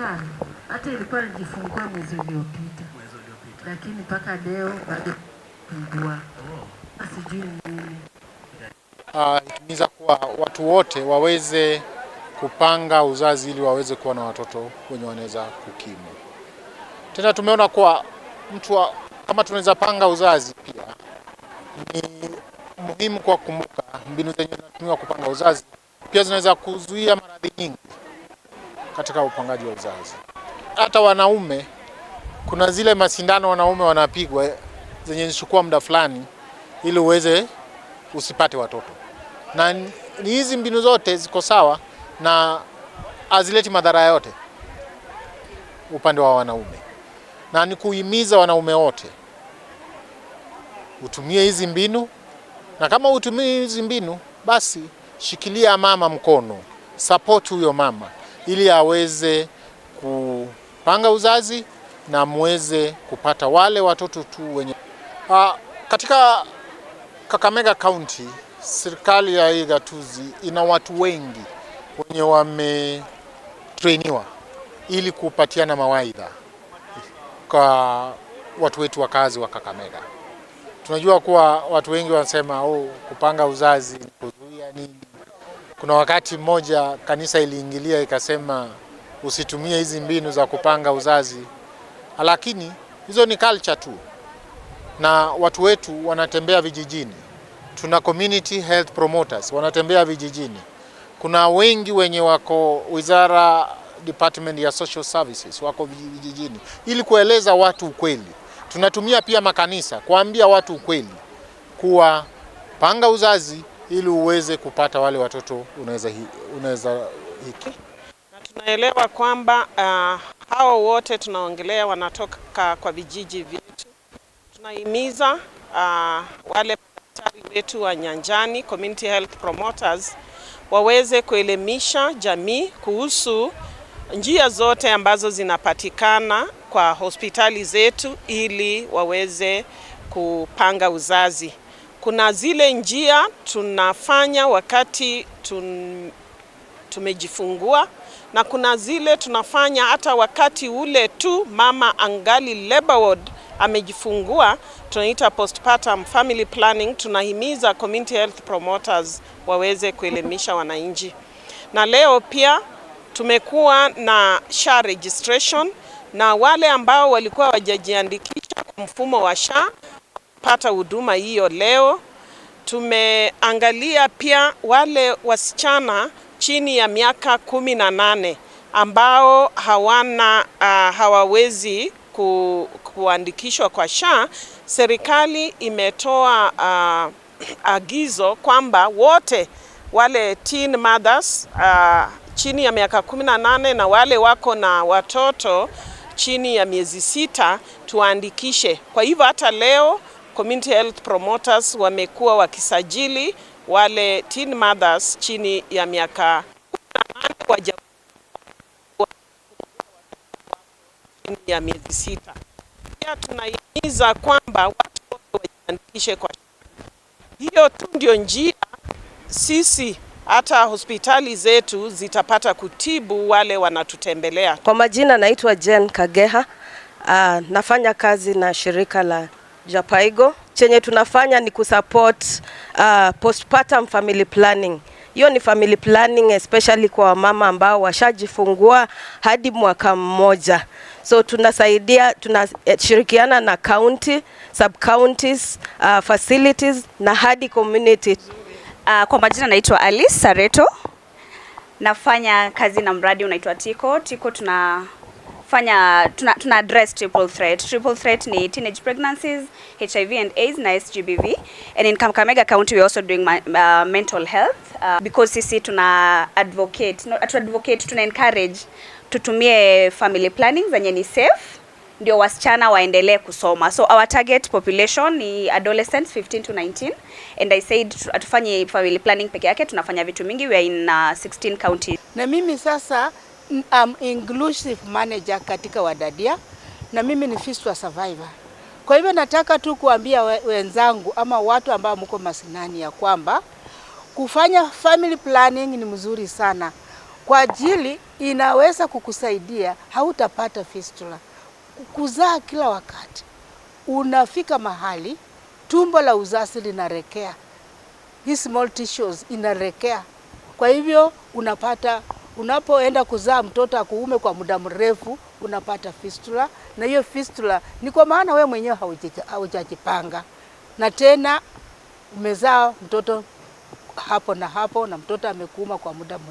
Sana. Hata ilikuwa nijifungua mwezi uliopita, lakini mpaka leo bado sijui nini. Ah, kuwa watu wote waweze kupanga uzazi ili waweze kuwa na watoto wenye wanaweza kukimu. Tena tumeona kuwa mtu wa, kama tunaweza panga uzazi pia ni muhimu kwa kukumbuka mbinu zenye zinatumiwa kupanga uzazi pia zinaweza kuzuia maradhi nyingi katika upangaji wa uzazi. Hata wanaume kuna zile mashindano wanaume wanapigwa zenye zichukua muda fulani ili uweze usipate watoto, na ni hizi mbinu zote ziko sawa na hazileti madhara yote upande wa wanaume, na ni kuhimiza wanaume wote utumie hizi mbinu, na kama utumie hizi mbinu, basi shikilia mama mkono, support huyo mama ili aweze kupanga uzazi na muweze kupata wale watoto tu wenye uh, katika Kakamega County serikali ya hii gatuzi ina watu wengi wenye wametrainiwa ili kupatiana mawaidha kwa watu wetu wakazi wa Kakamega. Tunajua kuwa watu wengi wanasema oh, kupanga uzazi kuzuia nini kuna wakati mmoja kanisa iliingilia ikasema usitumie hizi mbinu za kupanga uzazi, lakini hizo ni culture tu, na watu wetu wanatembea vijijini. Tuna community health promoters wanatembea vijijini. Kuna wengi wenye wako wizara department ya social services wako vijijini, ili kueleza watu ukweli. Tunatumia pia makanisa kuambia watu ukweli kuwa panga uzazi ili uweze kupata wale watoto unaweza unaweza hiki. Na tunaelewa kwamba uh, hao wote tunaongelea wanatoka kwa vijiji vyetu. Tunahimiza uh, wale daktari wetu wa nyanjani, community health promoters waweze kuelimisha jamii kuhusu njia zote ambazo zinapatikana kwa hospitali zetu ili waweze kupanga uzazi. Kuna zile njia tunafanya wakati tun, tumejifungua na kuna zile tunafanya hata wakati ule tu mama angali labor ward amejifungua, tunaita postpartum family planning. Tunahimiza community health promoters waweze kuelimisha wananchi, na leo pia tumekuwa na SHA registration na wale ambao walikuwa wajajiandikisha kwa mfumo wa SHA kupata huduma hiyo leo. Tumeangalia pia wale wasichana chini ya miaka kumi na nane ambao hawana uh, hawawezi ku, kuandikishwa kwa SHA. Serikali imetoa uh, agizo kwamba wote wale teen mothers uh, chini ya miaka 18 na wale wako na watoto chini ya miezi sita tuandikishe. Kwa hivyo hata leo community health promoters wamekuwa wakisajili wale teen mothers chini ya miaka chini ya miezi sita. Pia tunahimiza kwamba watu wote wajiandikishe kwa hiyo tu, ndio njia sisi hata hospitali zetu zitapata kutibu wale wanatutembelea. Kwa majina, naitwa Jen Kageha. Uh, nafanya kazi na shirika la Japaigo, chenye tunafanya ni kusupport uh, postpartum family planning. Hiyo ni family planning especially kwa wamama ambao washajifungua hadi mwaka mmoja. So tunasaidia, tunashirikiana na county, sub counties, uh, facilities na hadi community. Uh, kwa majina naitwa Alice Sareto. Nafanya kazi na mradi unaitwa Tiko. Tiko tuna fanya tuna, tuna address triple threat. Triple threat ni teenage pregnancies, HIV and AIDS na SGBV. And in Kakamega County we also doing my, uh, mental health uh, because sisi tuna advocate, no, tuna advocate, tuna encourage tutumie family planning zenye ni safe ndio wasichana waendelee kusoma. So our target population ni adolescents 15 to 19 and I said atufanye family planning peke yake, tunafanya vitu mingi, we are in uh, 16 counties. Na mimi sasa I'm inclusive manager katika Wadadia na mimi ni Fistula survivor. Kwa hivyo nataka tu kuambia wenzangu ama watu ambao mko masinani ya kwamba kufanya family planning ni mzuri sana kwa ajili inaweza kukusaidia, hautapata fistula. Kuzaa kila wakati, unafika mahali tumbo la uzazi linarekea, hii small tissues inarekea, kwa hivyo unapata unapoenda kuzaa mtoto akuume kwa muda mrefu, unapata fistula, na hiyo fistula ni kwa maana wewe mwenyewe haujajipanga, na tena umezaa mtoto hapo na hapo, na mtoto amekuuma kwa muda mrefu.